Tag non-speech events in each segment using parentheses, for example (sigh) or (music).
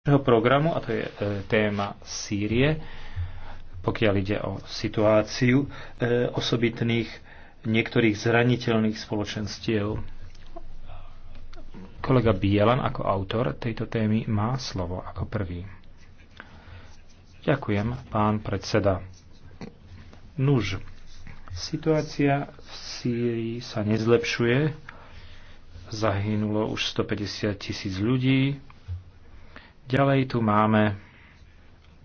našeho programu, a to je e, téma Sýrie, pokiaľ ide o situáciu e, osobitných niektorých zraniteľných spoločenstiev. Kolega Bielan ako autor tejto témy má slovo ako prvý. Ďakujem, pán predseda. Nuž, situácia v Sýrii sa nezlepšuje. Zahynulo už 150 tisíc ľudí, Ďalej tu máme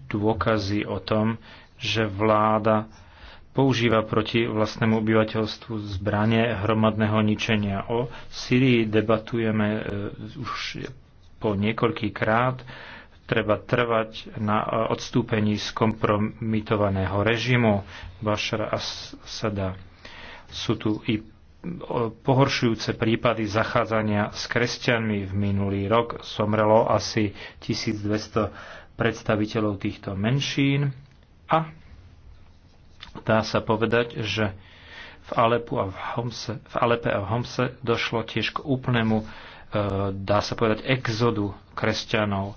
dôkazy o tom, že vláda používa proti vlastnému obyvateľstvu zbranie hromadného ničenia. O Syrii debatujeme e, už po niekoľký krát. Treba trvať na odstúpení z kompromitovaného režimu Bashar Asada. Sú tu i pohoršujúce prípady zachádzania s kresťanmi v minulý rok somrelo asi 1200 predstaviteľov týchto menšín a dá sa povedať, že v, Alepu a v, Homse, v Alepe a v Homse došlo tiež k úplnému, e, dá sa povedať, exodu kresťanov.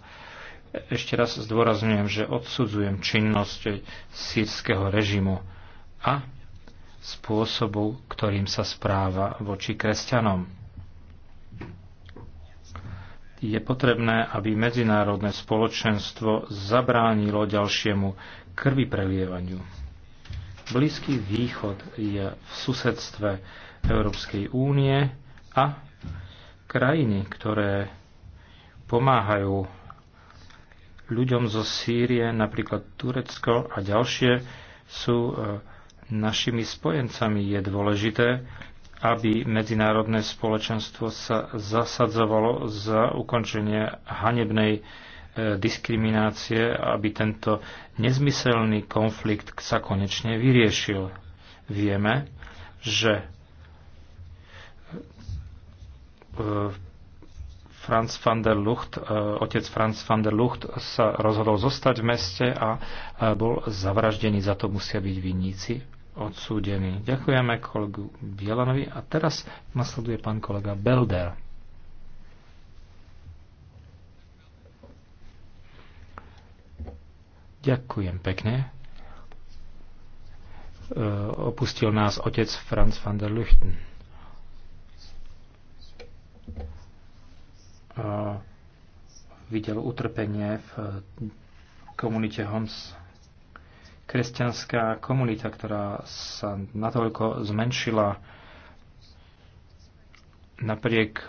Ešte raz zdôrazňujem, že odsudzujem činnosť sírskeho režimu a spôsobu, ktorým sa správa voči kresťanom. Je potrebné, aby medzinárodné spoločenstvo zabránilo ďalšiemu krvi prelievaniu. Blízky východ je v susedstve Európskej únie a krajiny, ktoré pomáhajú ľuďom zo Sýrie, napríklad Turecko a ďalšie, sú e, našimi spojencami. Je dôležité, aby medzinárodné spoločenstvo sa zasadzovalo za ukončenie hanebnej e, diskriminácie, aby tento nezmyselný konflikt sa konečne vyriešil. Vieme, že e, Franz van der Lucht, e, otec Franz van der Lucht sa rozhodol zostať v meste a bol zavraždený. Za to musia byť vinníci odsúdený. Ďakujeme kolegu Bielanovi a teraz nasleduje pán kolega Belder. Ďakujem pekne. E, opustil nás otec Franz van der Luchten. E, videl utrpenie v komunite Homs kresťanská komunita, ktorá sa natoľko zmenšila napriek eh,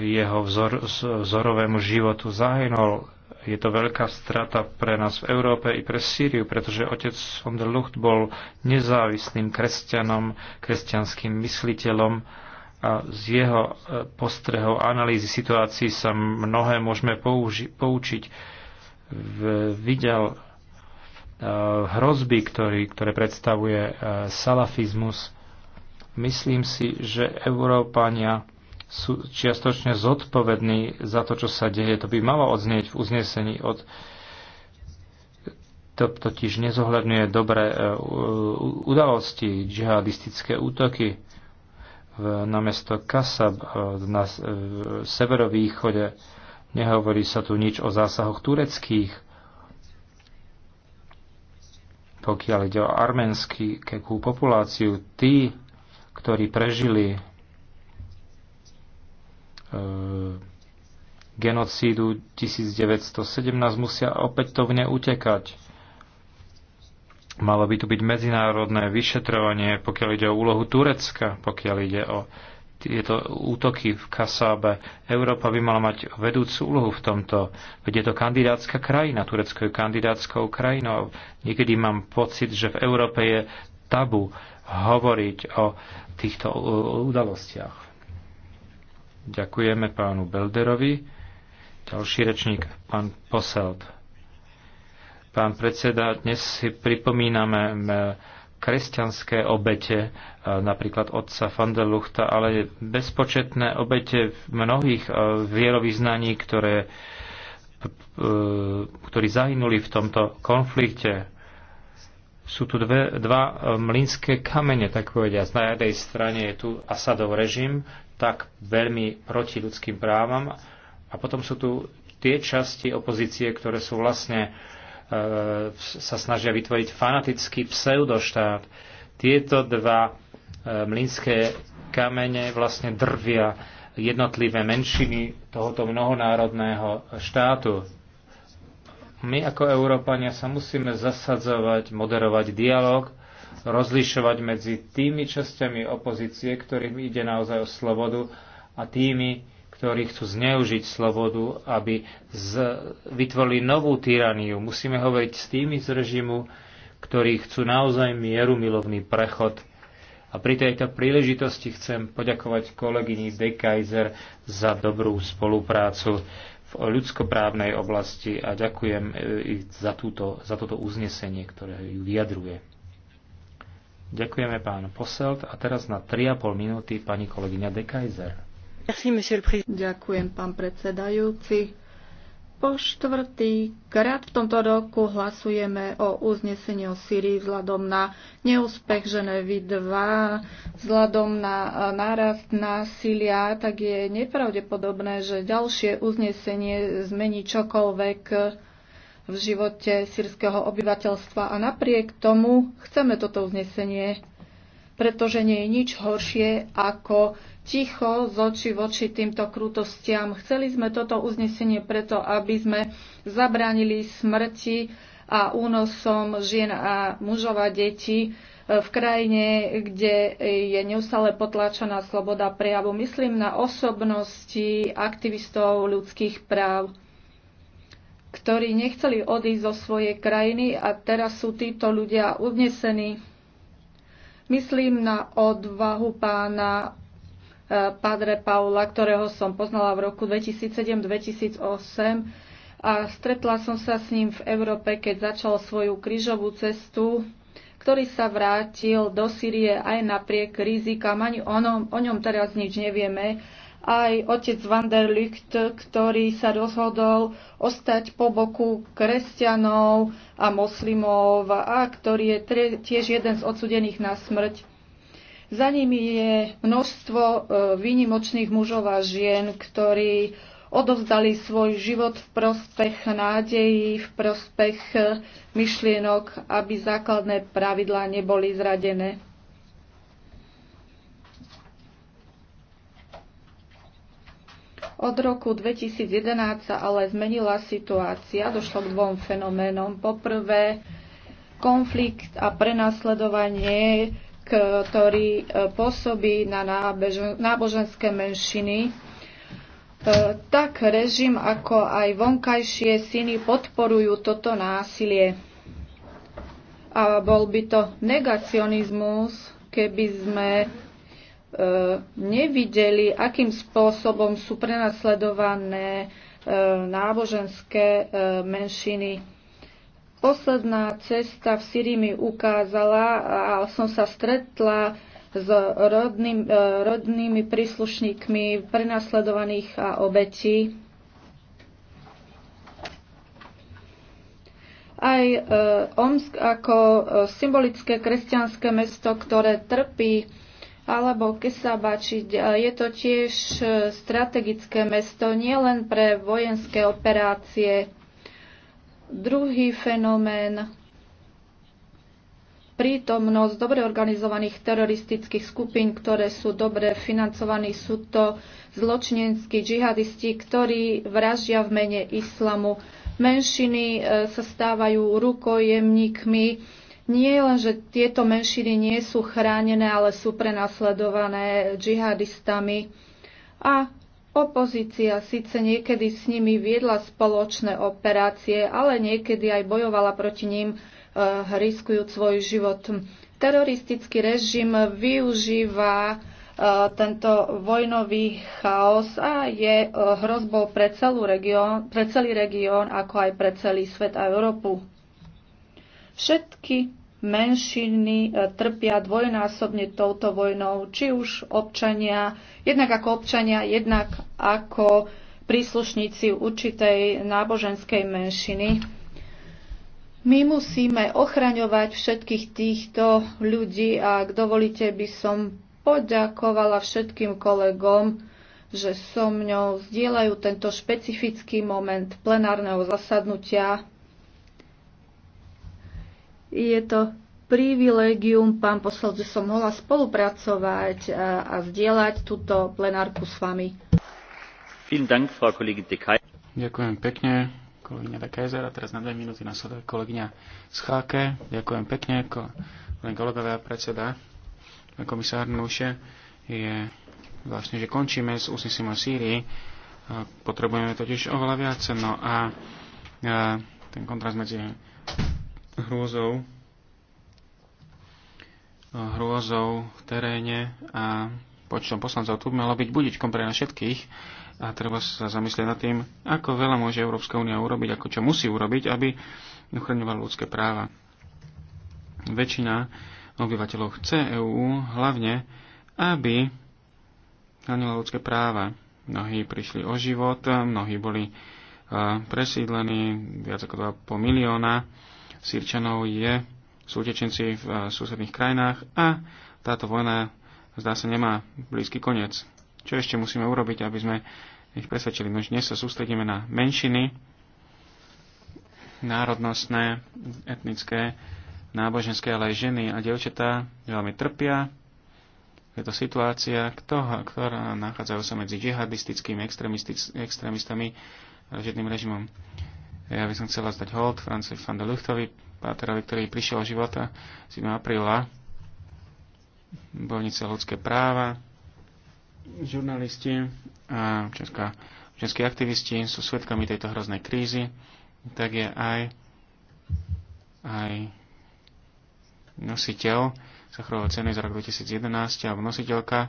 jeho vzor, vzorovému životu zahynul. Je to veľká strata pre nás v Európe i pre Sýriu, pretože otec von der Lucht bol nezávislým kresťanom, kresťanským mysliteľom a z jeho eh, postrehov analýzy situácií sa mnohé môžeme použi- poučiť. V, videl hrozby, ktorý, ktoré predstavuje e, salafizmus. Myslím si, že Európania sú čiastočne zodpovední za to, čo sa deje. To by malo odznieť v uznesení od to totiž nezohľadňuje dobré e, udalosti, džihadistické útoky v, e, na mesto Kasab na severovýchode. Nehovorí sa tu nič o zásahoch tureckých pokiaľ ide o arménsky, kekú populáciu, tí, ktorí prežili e, genocídu 1917, musia opätovne utekať. Malo by tu byť medzinárodné vyšetrovanie, pokiaľ ide o úlohu Turecka, pokiaľ ide o tieto útoky v Kasábe. Európa by mala mať vedúcu úlohu v tomto. Veď je to kandidátska krajina, Turecko je kandidátskou krajinou. Niekedy mám pocit, že v Európe je tabu hovoriť o týchto udalostiach. Ďakujeme pánu Belderovi. Ďalší rečník, pán Poselt. Pán predseda, dnes si pripomíname kresťanské obete, e, napríklad otca van der Luchta, ale bezpočetné obete mnohých e, vierovýznaní, ktoré, e, ktorí zahynuli v tomto konflikte. Sú tu dve, dva mlínske kamene, tak povediať. Na jednej strane je tu Asadov režim, tak veľmi proti ľudským právam, a potom sú tu tie časti opozície, ktoré sú vlastne E, sa snažia vytvoriť fanatický pseudoštát. Tieto dva e, mlínske kamene vlastne drvia jednotlivé menšiny tohoto mnohonárodného štátu. My ako Európania sa musíme zasadzovať, moderovať dialog, rozlišovať medzi tými časťami opozície, ktorým ide naozaj o slobodu a tými, ktorí chcú zneužiť slobodu, aby z, vytvorili novú tyraniu. Musíme hovoriť s tými z režimu, ktorí chcú naozaj mierumilovný prechod. A pri tejto príležitosti chcem poďakovať kolegyni De Kaiser za dobrú spoluprácu v ľudskoprávnej oblasti a ďakujem e, i za, túto, za toto uznesenie, ktoré ju vyjadruje. Ďakujeme pán Poselt a teraz na 3,5 minúty pani kolegyňa De Kaiser. Ďakujem, pán predsedajúci. Po štvrtý krát v tomto roku hlasujeme o uznesení o Syrii vzhľadom na neúspech Ženevy 2, vzhľadom na eh, nárast násilia, tak je nepravdepodobné, že ďalšie uznesenie zmení čokoľvek v živote sírskeho obyvateľstva. A napriek tomu chceme toto uznesenie, pretože nie je nič horšie ako ticho z očí voči týmto krutostiam. Chceli sme toto uznesenie preto, aby sme zabránili smrti a únosom žien a mužov a detí v krajine, kde je neustále potláčaná sloboda prejavu. Myslím na osobnosti aktivistov ľudských práv ktorí nechceli odísť zo svojej krajiny a teraz sú títo ľudia uznesení. Myslím na odvahu pána Padre Paula, ktorého som poznala v roku 2007-2008 a stretla som sa s ním v Európe, keď začal svoju krížovú cestu, ktorý sa vrátil do Sýrie aj napriek rizikám. Ani onom, o ňom teraz nič nevieme. Aj otec Van der Lucht, ktorý sa rozhodol ostať po boku kresťanov a moslimov a ktorý je tiež jeden z odsudených na smrť za nimi je množstvo e, výnimočných mužov a žien, ktorí odovzdali svoj život v prospech nádejí, v prospech e, myšlienok, aby základné pravidlá neboli zradené. Od roku 2011 sa ale zmenila situácia, došlo k dvom fenoménom. Poprvé, konflikt a prenasledovanie ktorý e, pôsobí na náboženské menšiny, e, tak režim ako aj vonkajšie syny podporujú toto násilie. A bol by to negacionizmus, keby sme e, nevideli, akým spôsobom sú prenasledované náboženské menšiny Posledná cesta v Syrii mi ukázala a som sa stretla s rodným, e, rodnými príslušníkmi prenasledovaných a obetí. Aj e, Omsk ako e, symbolické kresťanské mesto, ktoré trpí, alebo Kesabáči, je to tiež strategické mesto nielen pre vojenské operácie, Druhý fenomén prítomnosť dobre organizovaných teroristických skupín, ktoré sú dobre financovaní, sú to zločinenskí džihadisti, ktorí vražia v mene islamu. Menšiny e, sa stávajú rukojemníkmi. Nie len, že tieto menšiny nie sú chránené, ale sú prenasledované džihadistami. A Opozícia síce niekedy s nimi viedla spoločné operácie, ale niekedy aj bojovala proti ním, e, riskujúc svoj život. Teroristický režim využíva e, tento vojnový chaos a je e, hrozbou pre, celú region, pre celý región, ako aj pre celý svet a Európu. Všetky menšiny e, trpia dvojnásobne touto vojnou, či už občania, jednak ako občania, jednak ako príslušníci určitej náboženskej menšiny. My musíme ochraňovať všetkých týchto ľudí a ak dovolíte, by som poďakovala všetkým kolegom, že so mňou zdieľajú tento špecifický moment plenárneho zasadnutia je to privilegium, pán poslal, že som mohla spolupracovať a, eh, a zdieľať túto plenárku s vami. Ďakujem pekne, kolegyňa de Kaiser. A teraz na dve minúty nasleduje kolegyňa Schalke. Ďakujem pekne, kolegyňa kolegovia predseda komisár Nuše. Je vlastne, že končíme s úsnesením o Sýrii. Potrebujeme totiž oveľa viac. No a ten kontrast medzi hrôzou, hrôzou v teréne a počtom poslancov tu malo byť budičkom pre nás všetkých a treba sa zamyslieť nad tým, ako veľa môže Európska únia urobiť, ako čo musí urobiť, aby ochraňovala ľudské práva. Väčšina obyvateľov chce EÚ hlavne, aby chránila ľudské práva. Mnohí prišli o život, mnohí boli presídlení, viac ako 2,5 milióna Sýrčanov je sú utečenci v eh, susedných krajinách a táto vojna zdá sa nemá blízky koniec. Čo ešte musíme urobiť, aby sme ich presvedčili? No dnes sa sústredíme na menšiny, národnostné, etnické, náboženské, ale aj ženy a dievčatá veľmi trpia. Je to situácia, ktorá, ktorá nachádzajú sa medzi džihadistickými extrémistami a režimom. Ja by som chcela zdať hold Francis van der Luchtovi, páterovi, ktorý prišiel o života 7. apríla. Bojovnice ľudské práva, žurnalisti a česká, českí aktivisti sú svetkami tejto hroznej krízy. Tak je aj, aj nositeľ Sacharovej ceny z roku 2011 alebo nositeľka,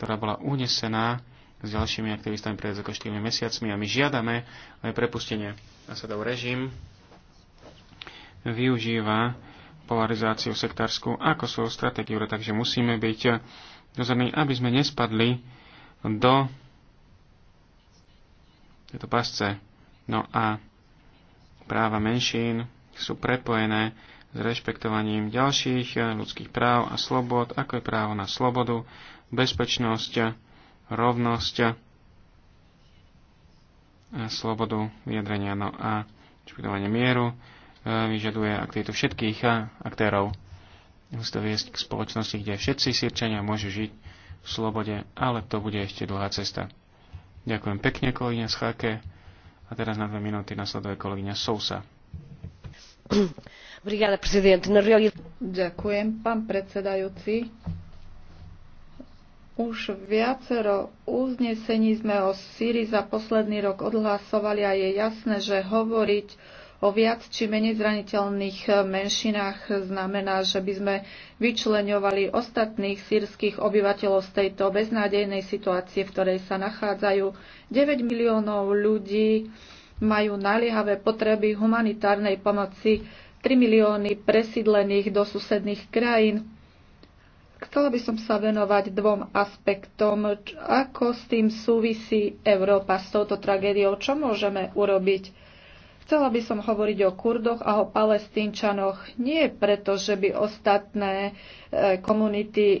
ktorá bola unesená s ďalšími aktivistami pred ako 4 mesiacmi a my žiadame aj prepustenie. Asadov režim využíva polarizáciu sektárskú ako svoju stratégiu, takže musíme byť dozorní, aby sme nespadli do tejto pasce. No a práva menšín sú prepojené s rešpektovaním ďalších ľudských práv a slobod, ako je právo na slobodu, bezpečnosť, rovnosť a slobodu vyjadrenia no a rešpektovanie mieru e, vyžaduje aktivitu všetkých e, aktérov. Musí to viesť k spoločnosti, kde všetci sírčania môžu žiť v slobode, ale to bude ešte dlhá cesta. Ďakujem pekne, kolegyňa Schake. A teraz na dve minúty nasleduje kolegyňa Sousa. No Ďakujem, pán predsedajúci. Už viacero uznesení sme o Syrii za posledný rok odhlasovali a je jasné, že hovoriť o viac či menej zraniteľných menšinách znamená, že by sme vyčleňovali ostatných sírskych obyvateľov z tejto beznádejnej situácie, v ktorej sa nachádzajú 9 miliónov ľudí, majú naliehavé potreby humanitárnej pomoci, 3 milióny presídlených do susedných krajín, Chcela by som sa venovať dvom aspektom, ako s tým súvisí Európa s touto tragédiou, čo môžeme urobiť. Chcela by som hovoriť o Kurdoch a o Palestínčanoch, nie preto, že by ostatné e, komunity e,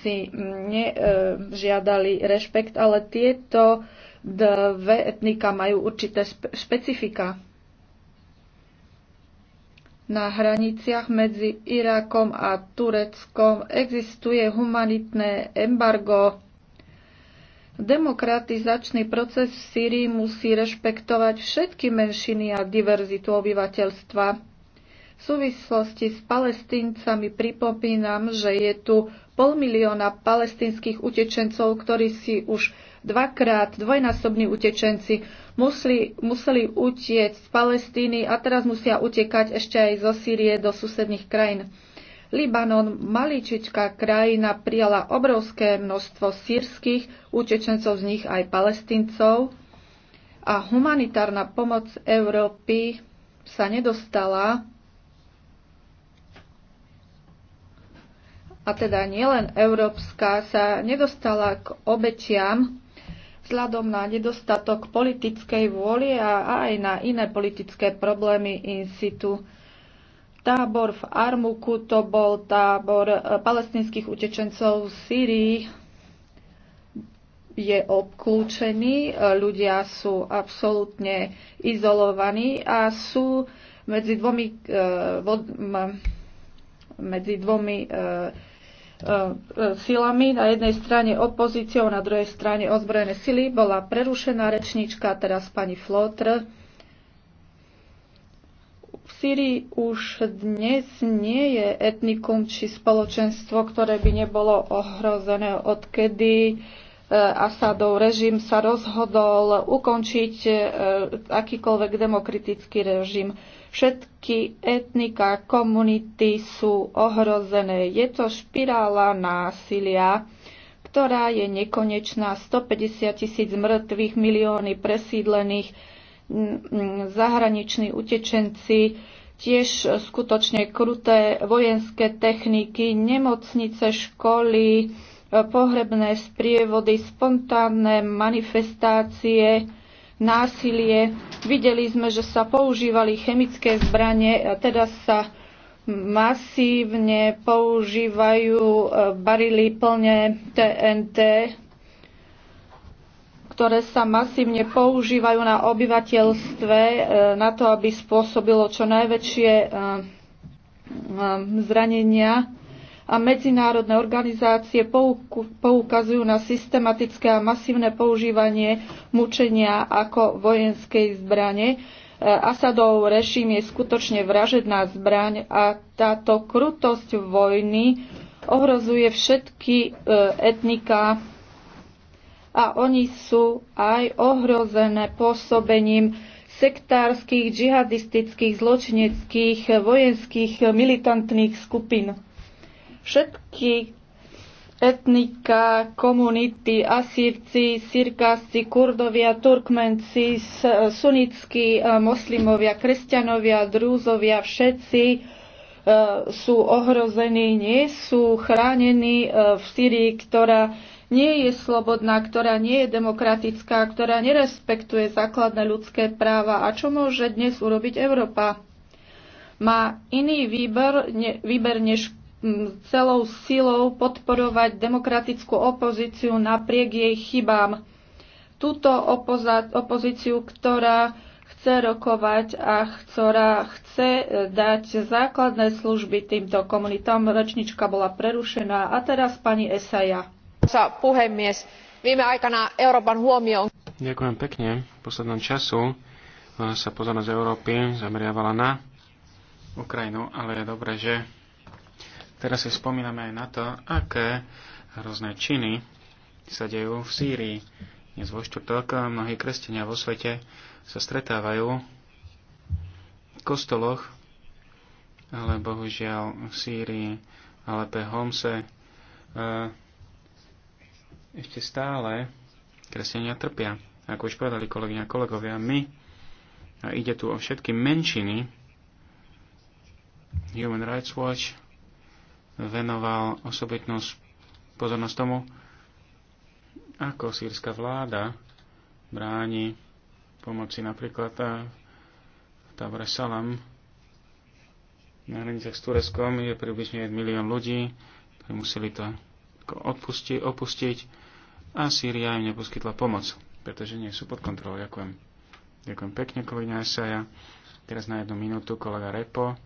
si nežiadali e, rešpekt, ale tieto dve etnika majú určité špecifika na hraniciach medzi Irakom a Tureckom existuje humanitné embargo. Demokratizačný proces v Sýrii musí rešpektovať všetky menšiny a diverzitu obyvateľstva. V súvislosti s palestíncami pripomínam, že je tu pol milióna palestínskych utečencov, ktorí si už dvakrát dvojnásobní utečenci museli, museli utieť z Palestíny a teraz musia utekať ešte aj zo Sýrie do susedných krajín. Libanon, maličičká krajina, prijala obrovské množstvo sírskych utečencov, z nich aj palestíncov a humanitárna pomoc Európy sa nedostala a teda nielen európska, sa nedostala k obetiam vzhľadom na nedostatok politickej vôly a aj na iné politické problémy in situ. Tábor v Armuku to bol tábor e, palestinských utečencov v Sýrii. Je obklúčený, e, ľudia sú absolútne izolovaní a sú medzi dvomi, e, medzi dvomi E, e, silami, na jednej strane opozíciou, na druhej strane ozbrojené sily. Bola prerušená rečníčka, teraz pani Flotr. V Syrii už dnes nie je etnikum či spoločenstvo, ktoré by nebolo ohrozené, odkedy Asadov režim sa rozhodol ukončiť e, akýkoľvek demokratický režim. Všetky etnika, komunity sú ohrozené. Je to špirála násilia, ktorá je nekonečná. 150 tisíc mŕtvych, milióny presídlených, zahraniční utečenci, tiež skutočne kruté vojenské techniky, nemocnice, školy, pohrebné sprievody, spontánne manifestácie, násilie. Videli sme, že sa používali chemické zbranie, teda sa masívne používajú e, barily plne TNT, ktoré sa masívne používajú na obyvateľstve e, na to, aby spôsobilo čo najväčšie e, zranenia a medzinárodné organizácie poukazujú na systematické a masívne používanie mučenia ako vojenskej zbrane. E, Asadov režim je skutočne vražedná zbraň a táto krutosť vojny ohrozuje všetky e, etnika a oni sú aj ohrozené pôsobením sektárskych, džihadistických, zločineckých, vojenských, militantných skupín. Všetky etnika, komunity, asírci, sirkásci, kurdovia, turkmenci, sunnickí, e, moslimovia, kresťanovia, drúzovia, všetci e, sú ohrození, nie sú chránení e, v Syrii, ktorá nie je slobodná, ktorá nie je demokratická, ktorá nerespektuje základné ľudské práva. A čo môže dnes urobiť Európa? Má iný výber, ne, výber než celou silou podporovať demokratickú opozíciu napriek jej chybám. Túto opozíciu, ktorá chce rokovať a ktorá chce e, dať základné služby týmto komunitám. Rečnička bola prerušená a teraz pani Esaja. Ďakujem pekne. V poslednom času e, sa pozornosť Európy zameriavala na Ukrajinu, ale je dobré, že Teraz si spomíname aj na to, aké hrozné činy sa dejú v Sýrii. Dnes vo štvrtok mnohí kresťania vo svete sa stretávajú v kostoloch, ale bohužiaľ v Sýrii, Alepe, Homse, e, ešte stále kresťania trpia. Ako už povedali kolegyňa a kolegovia, my, a ide tu o všetky menšiny, Human Rights Watch, venoval osobitnú pozornosť tomu, ako sírska vláda bráni pomoci napríklad v tábore Salam na hranicách s Tureckom je približne 1 milión ľudí, ktorí museli to odpusti, opustiť a Sýria im neposkytla pomoc, pretože nie sú pod kontrolou. Ďakujem. Ďakujem pekne, kolegyňa Esaja. Teraz na jednu minútu kolega Repo.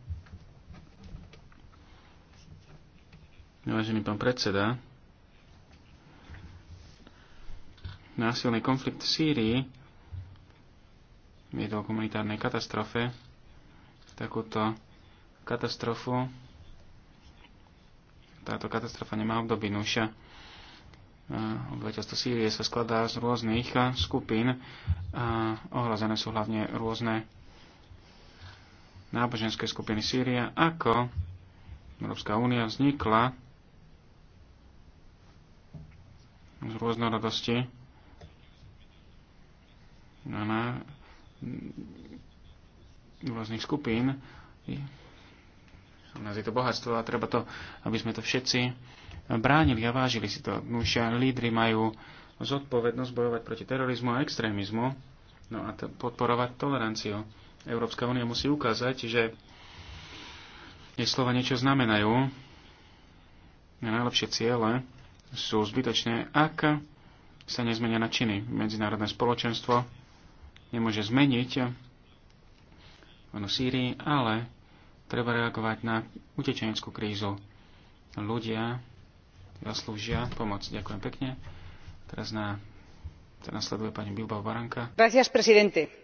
Vážený pán predseda, násilný konflikt v Sýrii viedol k humanitárnej katastrofe. Takúto katastrofu táto katastrofa nemá období nuša. Obyvateľstvo Sýrie sa skladá z rôznych skupín a ohrozené sú hlavne rôzne náboženské skupiny Sýria, ako Európska únia vznikla z rôznorodosti. No, na rôznych skupín. U nás je to bohatstvo a treba to, aby sme to všetci bránili a vážili si to. Už lídry majú zodpovednosť bojovať proti terorizmu a extrémizmu no a podporovať toleranciu. Európska únia musí ukázať, že jej slova niečo znamenajú. Na najlepšie ciele sú zbytočné, ak sa nezmenia na činy. Medzinárodné spoločenstvo nemôže zmeniť vojnu Sýrii, ale treba reagovať na utečeneckú krízu. Ľudia zaslúžia pomoc. Ďakujem pekne. Teraz, na, teraz nasleduje pani Bilbao Baranka. Gracias, presidente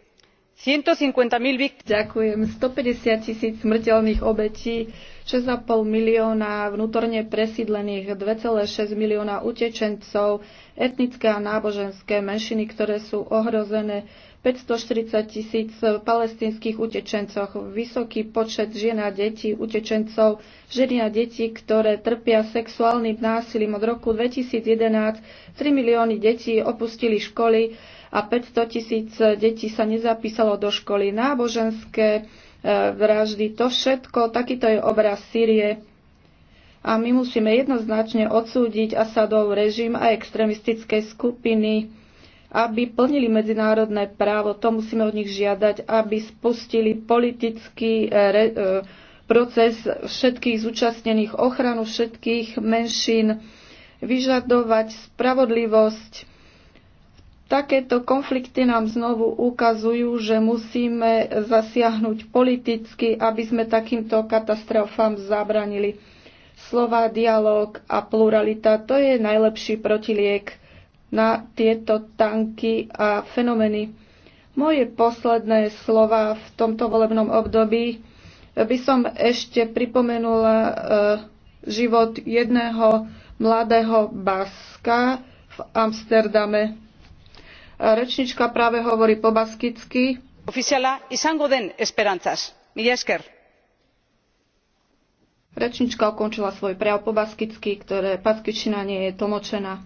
Ďakujem. 150 tisíc smrteľných obetí, 6,5 milióna vnútorne presídlených, 2,6 milióna utečencov, etnické a náboženské menšiny, ktoré sú ohrozené, 540 tisíc palestinských utečencov, vysoký počet žien a detí utečencov, ženy a detí, ktoré trpia sexuálnym násilím od roku 2011, 3 milióny detí opustili školy, a 500 tisíc detí sa nezapísalo do školy. Náboženské e, vraždy, to všetko, takýto je obraz Sýrie. A my musíme jednoznačne odsúdiť Asadov režim a extremistické skupiny, aby plnili medzinárodné právo. To musíme od nich žiadať, aby spustili politický e, re, e, proces všetkých zúčastnených, ochranu všetkých menšín, vyžadovať spravodlivosť Takéto konflikty nám znovu ukazujú, že musíme zasiahnuť politicky, aby sme takýmto katastrofám zabranili. Slova, dialog a pluralita to je najlepší protiliek na tieto tanky a fenomény. Moje posledné slova v tomto volebnom období by som ešte pripomenula e, život jedného mladého Baska v Amsterdame Rečnička práve hovorí po baskicky. ofiziala izango den esperantzaz. Mila esker. Rečnička ukončila svoj prejav po baskicky, ktoré paskičina nie je tlmočená.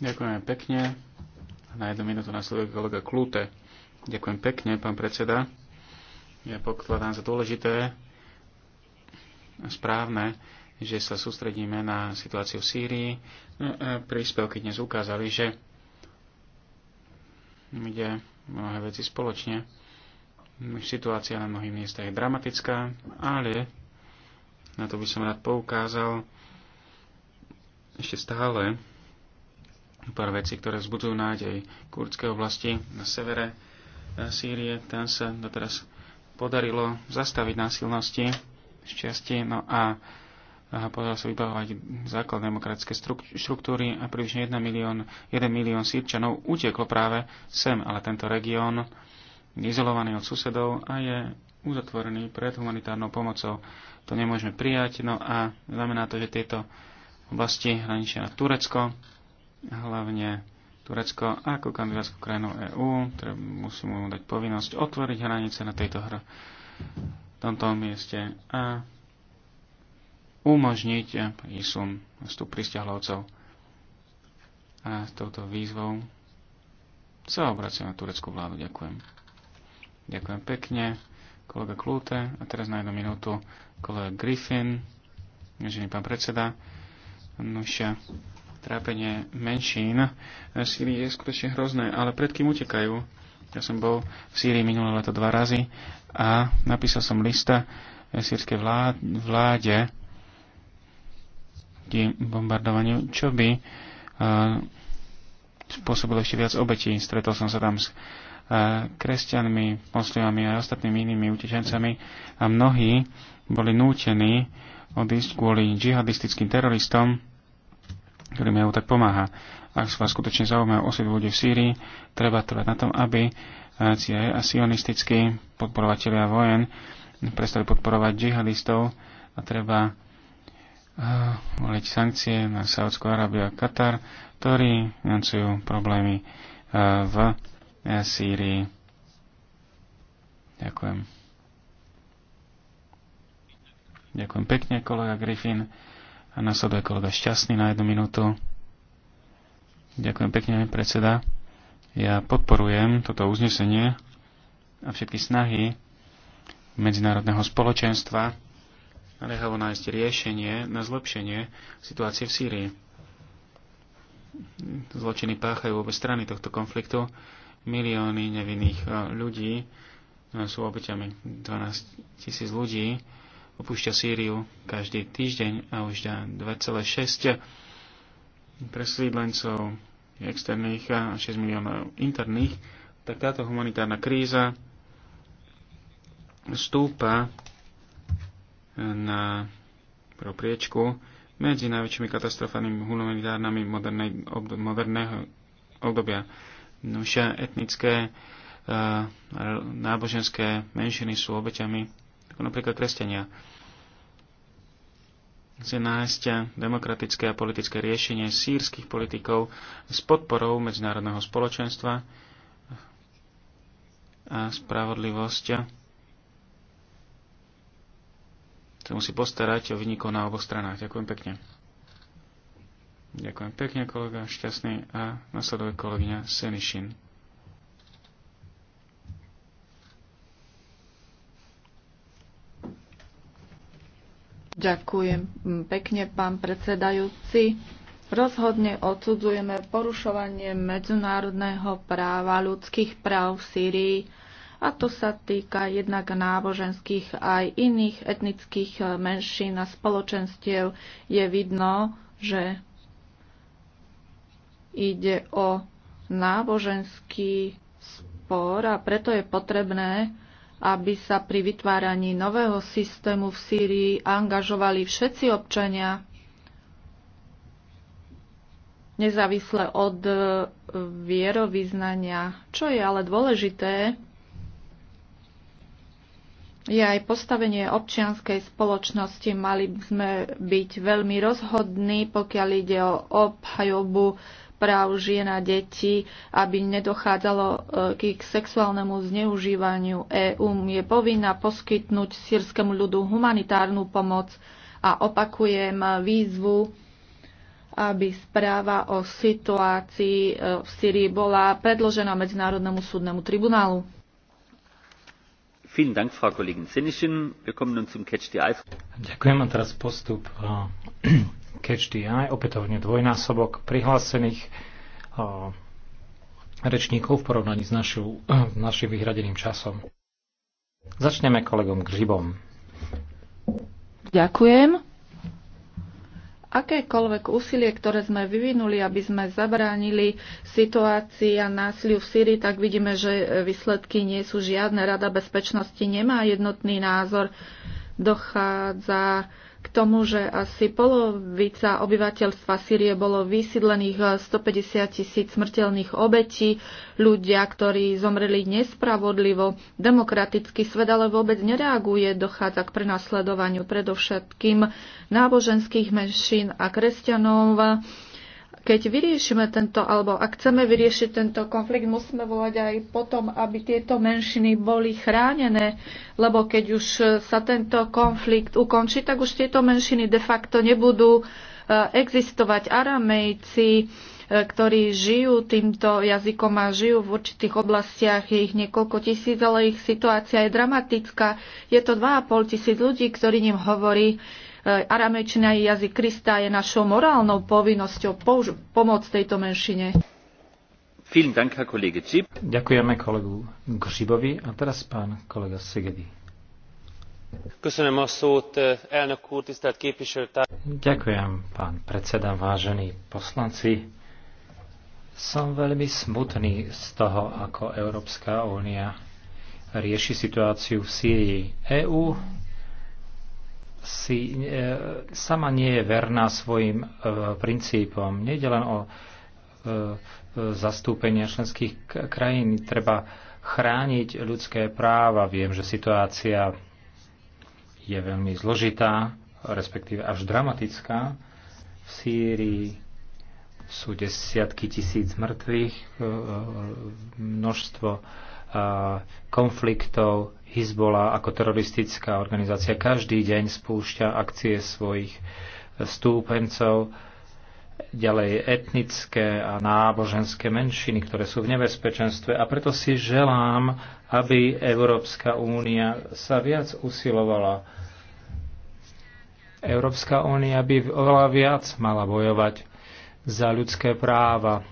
Ďakujeme pekne. Na jednu minútu nasleduje kolega Klúte. Ďakujem pekne, pán predseda. Ja pokladám za dôležité a správne, že sa sústredíme na situáciu v Sýrii. No, príspevky dnes ukázali, že ide mnohé veci spoločne. Situácia na mnohých miestach je dramatická, ale na to by som rád poukázal ešte stále pár vecí, ktoré vzbudzujú nádej kurdskej oblasti na severe e, Sýrie. Tam sa doteraz podarilo zastaviť násilnosti, šťastie, no a a podľa sa vybavovať základné demokratické štruktúry a približne 1 milión, 1 milión sírčanov utieklo práve sem, ale tento región je izolovaný od susedov a je uzatvorený pred humanitárnou pomocou. To nemôžeme prijať, no a znamená to, že tieto oblasti hraničia na Turecko, hlavne Turecko ako kandidátskú krajinu EÚ, musíme mu dať povinnosť otvoriť hranice na tejto hra, v tomto mieste a umožniť prísun vstup pristahovcov. A s touto výzvou sa obraciam na tureckú vládu. Ďakujem. Ďakujem pekne, kolega Klúte. A teraz na jednu minútu kolega Griffin, vážený pán predseda. Nuša, trápenie menšín v Sýrii je skutočne hrozné, ale pred kým utekajú? Ja som bol v Sýrii minulé leto dva razy a napísal som lista sírskej vláde, vláde proti bombardovaniu, čo by uh, spôsobilo ešte viac obetí. Stretol som sa tam s uh, kresťanmi, moslimami a ostatnými inými utečencami a mnohí boli nútení odísť kvôli džihadistickým teroristom, ktorým EU tak pomáha. Ak sa vás skutočne zaujíma osud ľudí v Sýrii, treba trvať na tom, aby e, CIA a sionistickí podporovatelia vojen prestali podporovať džihadistov a treba voliť sankcie na Saudskú Arábiu a Katar, ktorí financujú problémy e, v e, Sýrii. Ďakujem. Ďakujem pekne, kolega Griffin. A nasleduje kolega Šťastný na jednu minútu. Ďakujem pekne, predseda. Ja podporujem toto uznesenie a všetky snahy medzinárodného spoločenstva naliehavo nájsť riešenie na zlepšenie situácie v Sýrii. Zločiny páchajú obe strany tohto konfliktu. Milióny nevinných e, ľudí e, sú obeťami. 12 tisíc ľudí opúšťa Sýriu každý týždeň a už 2,6 presídlencov externých a e, 6 miliónov interných, tak táto humanitárna kríza stúpa na propriečku medzi najväčšími katastrofami humanitárnami modernej, moderného obdobia. Nuša etnické e, náboženské menšiny sú obeťami, ako napríklad kresťania. Chce nájsť demokratické a politické riešenie sírskych politikov s podporou medzinárodného spoločenstva a spravodlivosť sa musí postarať o vyniko na oboch stranách. Ďakujem pekne. Ďakujem pekne, kolega Šťastný a nasleduje kolegyňa Senišin. Ďakujem pekne, pán predsedajúci. Rozhodne odsudzujeme porušovanie medzinárodného práva ľudských práv v Sýrii a to sa týka jednak náboženských aj iných etnických eh, menšín a spoločenstiev. Je vidno, že ide o náboženský spor a preto je potrebné, aby sa pri vytváraní nového systému v Sýrii angažovali všetci občania, nezávisle od eh, vierovýznania. Čo je ale dôležité, je aj postavenie občianskej spoločnosti. Mali by sme byť veľmi rozhodní, pokiaľ ide o obhajobu práv žien a detí, aby nedochádzalo e, k ich sexuálnemu zneužívaniu. EÚ je povinná poskytnúť sírskému ľudu humanitárnu pomoc a opakujem výzvu, aby správa o situácii e, v Syrii bola predložená Medzinárodnému súdnemu tribunálu. Ďakujem a teraz postup eh, (clears throat) Catch opätovne dvojnásobok prihlásených eh, rečníkov v porovnaní s našu, eh, našim vyhradeným časom. Začneme kolegom Gržibom. Ďakujem akékoľvek úsilie, ktoré sme vyvinuli, aby sme zabránili situácii a násiliu v Syrii, tak vidíme, že výsledky nie sú žiadne. Rada bezpečnosti nemá jednotný názor. Dochádza tomu, že asi polovica obyvateľstva Sýrie bolo vysídlených 150 eh, tisíc smrteľných obetí, ľudia, ktorí zomreli nespravodlivo, demokratický svet ale vôbec nereaguje, dochádza k prenasledovaniu predovšetkým náboženských menšín a kresťanov, keď vyriešime tento, alebo ak chceme vyriešiť tento konflikt, musíme volať aj potom, aby tieto menšiny boli chránené, lebo keď už e, sa tento konflikt ukončí, tak už tieto menšiny de facto nebudú e, existovať. Aramejci, e, ktorí žijú týmto jazykom a žijú v určitých oblastiach, je ich niekoľko tisíc, ale ich situácia je dramatická. Je to 2,5 tisíc ľudí, ktorí ním hovorí. Eh, aramečina jazyk Krista, je našou morálnou povinnosťou pomôcť tejto menšine. Ďakujeme kolegu Gřibovi a teraz pán kolega Segedi. Eh, Ďakujem, pán predseda, vážení poslanci. Som veľmi smutný z toho, ako Európska únia rieši situáciu v Sýrii. EÚ si e, sama nie je verná svojim e, princípom. Nejde len o e, zastúpenie členských krajín. Treba chrániť ľudské práva. Viem, že situácia je veľmi zložitá, respektíve až dramatická. V Sýrii sú desiatky tisíc mŕtvych, množstvo konfliktov. Hezbollah ako teroristická organizácia každý deň spúšťa akcie svojich stúpencov, ďalej etnické a náboženské menšiny, ktoré sú v nebezpečenstve. A preto si želám, aby Európska únia sa viac usilovala. Európska únia by oveľa viac mala bojovať za ľudské práva.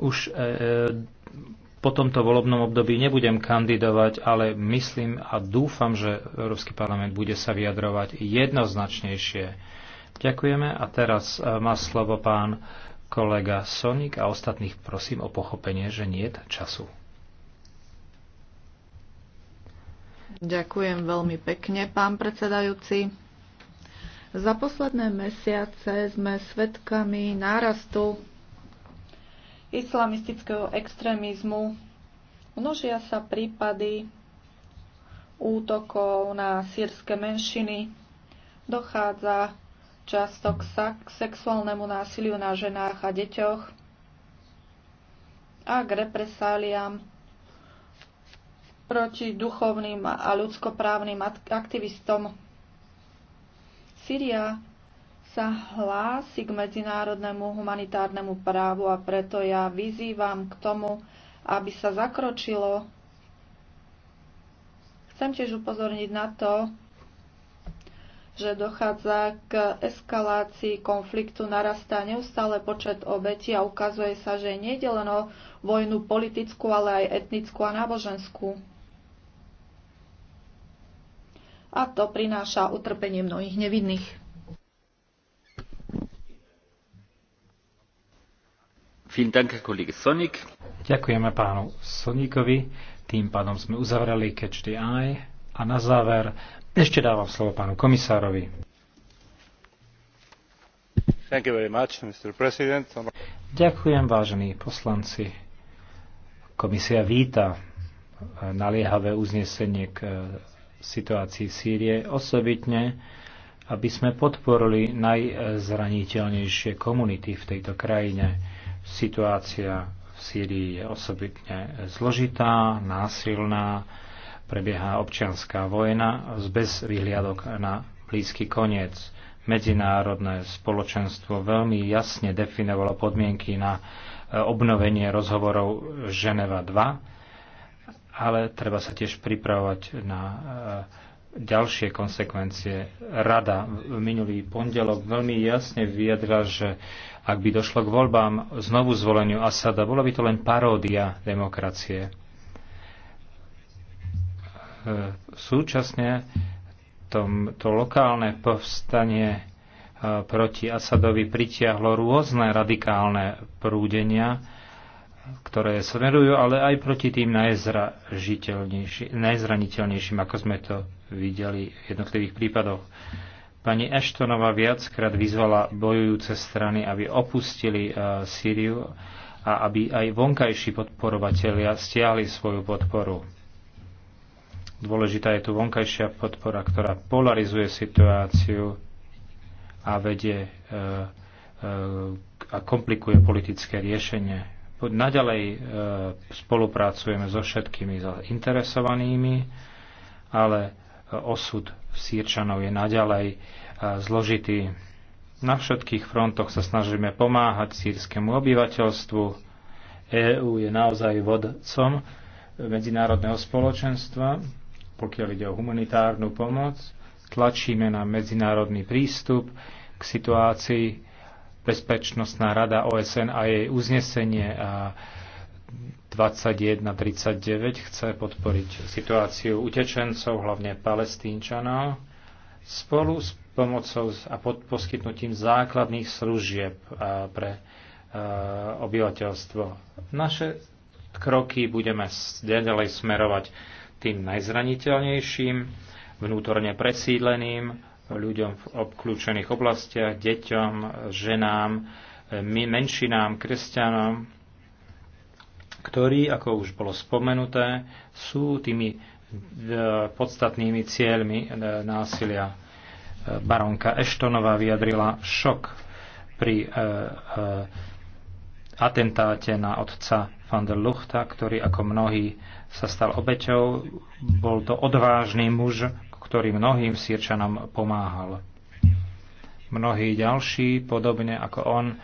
Už e, e po tomto volobnom období nebudem kandidovať, ale myslím a dúfam, že Európsky parlament bude sa vyjadrovať jednoznačnejšie. Ďakujeme a teraz e, má slovo pán kolega Sonik a ostatných prosím o pochopenie, že nie je času. Ďakujem veľmi pekne, pán predsedajúci. Za posledné mesiace sme svedkami nárastu islamistického extrémizmu. Množia sa prípady útokov na sírske menšiny. Dochádza často k sexuálnemu násiliu na ženách a deťoch a k represáliám proti duchovným a ľudskoprávnym aktivistom. Syria sa hlási k medzinárodnému humanitárnemu právu a preto ja vyzývam k tomu, aby sa zakročilo. Chcem tiež upozorniť na to, že dochádza k eskalácii konfliktu, narastá neustále počet obetí a ukazuje sa, že je len o vojnu politickú, ale aj etnickú a náboženskú. A to prináša utrpenie mnohých nevinných. Ďakujeme pánu Soníkovi. Tým pádom sme uzavreli Catch the Eye. A na záver ešte dávam slovo pánu komisárovi. Much, Ďakujem, vážení poslanci. Komisia víta naliehavé uznesenie k e, situácii Sýrie, osobitne, aby sme podporili najzraniteľnejšie komunity v tejto krajine Situácia v Sýrii je osobitne zložitá, násilná, prebieha občianská vojna bez vyhliadok na blízky koniec. Medzinárodné spoločenstvo veľmi jasne definovalo podmienky na e, obnovenie rozhovorov Ženeva 2, ale treba sa tiež pripravovať na e, ďalšie konsekvencie. Rada v minulý pondelok veľmi jasne vyjadra, že ak by došlo k voľbám znovu zvoleniu Asada, bola by to len paródia demokracie. E, súčasne tom, to lokálne povstanie e, proti Asadovi pritiahlo rôzne radikálne prúdenia, ktoré smerujú, ale aj proti tým najzraniteľnejším, ako sme to videli v jednotlivých prípadoch. Pani Ashtonová viackrát vyzvala bojujúce strany, aby opustili e, Sýriu a aby aj vonkajší podporovatelia stiahli svoju podporu. Dôležitá je tu vonkajšia podpora, ktorá polarizuje situáciu a vedie e, e, a komplikuje politické riešenie naďalej e, spolupracujeme so všetkými zainteresovanými, ale e, osud Sýrčanov je naďalej e, zložitý. Na všetkých frontoch sa snažíme pomáhať sírskému obyvateľstvu. EÚ je naozaj vodcom medzinárodného spoločenstva, pokiaľ ide o humanitárnu pomoc. Tlačíme na medzinárodný prístup k situácii Bezpečnostná rada OSN a jej uznesenie 2139 chce podporiť situáciu utečencov, hlavne palestínčanov, spolu s pomocou a pod poskytnutím základných služieb pre obyvateľstvo. Naše kroky budeme ďalej smerovať tým najzraniteľnejším, vnútorne presídleným, ľuďom v obklúčených oblastiach, deťom, ženám, menšinám, kresťanom, ktorí, ako už bolo spomenuté, sú tými e, podstatnými cieľmi e, násilia. E, baronka Eštonová vyjadrila šok pri atentáte na otca van der Luchta, ktorý ako mnohí sa stal obeťou. Bol to odvážny muž, ktorý mnohým sírčanom pomáhal. Mnohí ďalší, podobne ako on, e,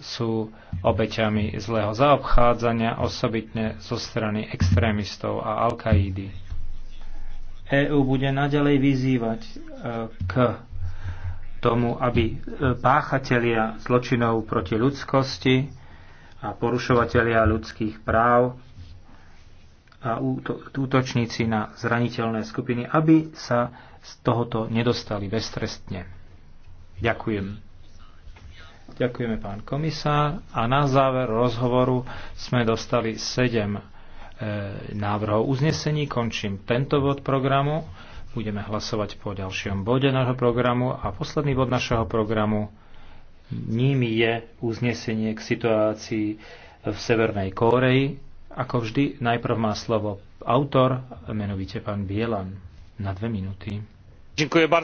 sú obeťami zlého zaobchádzania, osobitne zo strany extrémistov a Al-Kaídy. EÚ bude naďalej vyzývať e, k tomu, aby e, páchatelia zločinov proti ľudskosti a porušovatelia ľudských práv a útočníci na zraniteľné skupiny, aby sa z tohoto nedostali beztrestne. Ďakujem. Ďakujeme, pán komisár. A na záver rozhovoru sme dostali 7 e, návrhov uznesení. Končím tento bod programu. Budeme hlasovať po ďalšom bode nášho programu. A posledný bod našeho programu ním je uznesenie k situácii v Severnej Kóreji. Ako vždy, najprv má slovo autor, menovite pán Bielan, na dve minúty. Ďakujem bardzo.